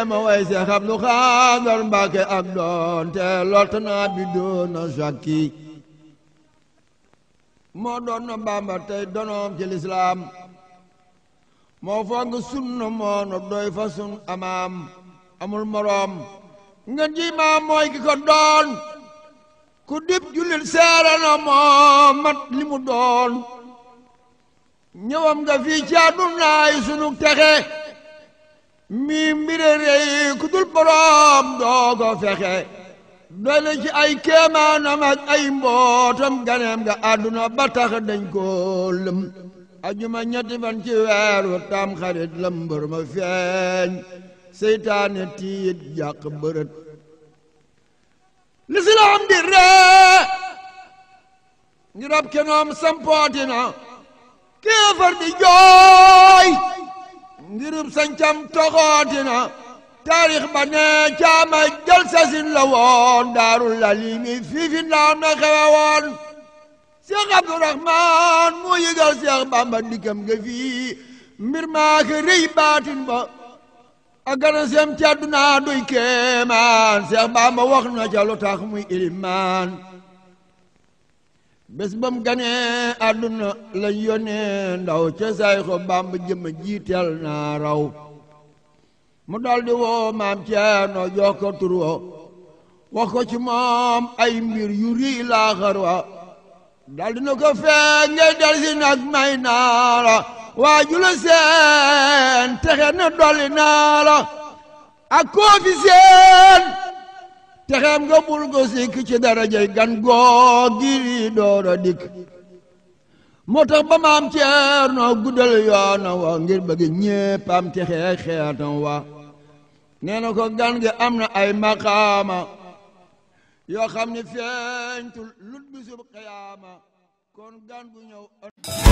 jéema way e Seex Abdu Xaadar Mbàkke ak doonte lot naa bi doona sakki moo doon na Bàmba tey donoom ci lislaam moo foog sunna moo nu doy fa sun amaam amul moroom nga ji mooy ki ko doon ku dib jullit seere na moo mat li mu doon ñëwam nga fii ci àddunaay sunu texe mi rey ku dul boroom doo ko fexe ci ay kéemaanam ak ay mbootam ganeem nga àdduna ba tax dañ ajuma ñetti fan ci weeru tam xarit la mbër ma feeñ seytaane tiit jàq bërët lislaam di ree ngir ab kenoom sampootina kéefar di joo mbirub sancam toxootina taarix ba ne caama jël sasin la woon daarul lalimi fiifin laam na xewe woon Cheikh Abdourahman mu yëgal Cheikh Bamba dikkam nga fii mbir maa ke baatin ba ak gana sem ci àdduna doy kéemaan Cheikh Bamba na ca lu tax muy ilimaan bés ba mu ganee àdduna lañ ndaw ca Sayxu Bàmba jëm jiitel naa raw mu daldi woo maam Ceerno jox ko tur wa wax ko moom ay mbir yu rii laaxar wa daldi na ko feeñ ngay del nag may naa la jula seen texe na dolli naa la ak koo seen texeem nga bul ko sikk ci darajey gan goo giri doora dikk moo tax ba maam ceer noo guddal yoona wa ngir bëgg ñépp am texee xeetam wa nee na ko gan gi am na ay maqaama yoo xam ne feeñtul lut bisub xiyaama kon gan gu ñëw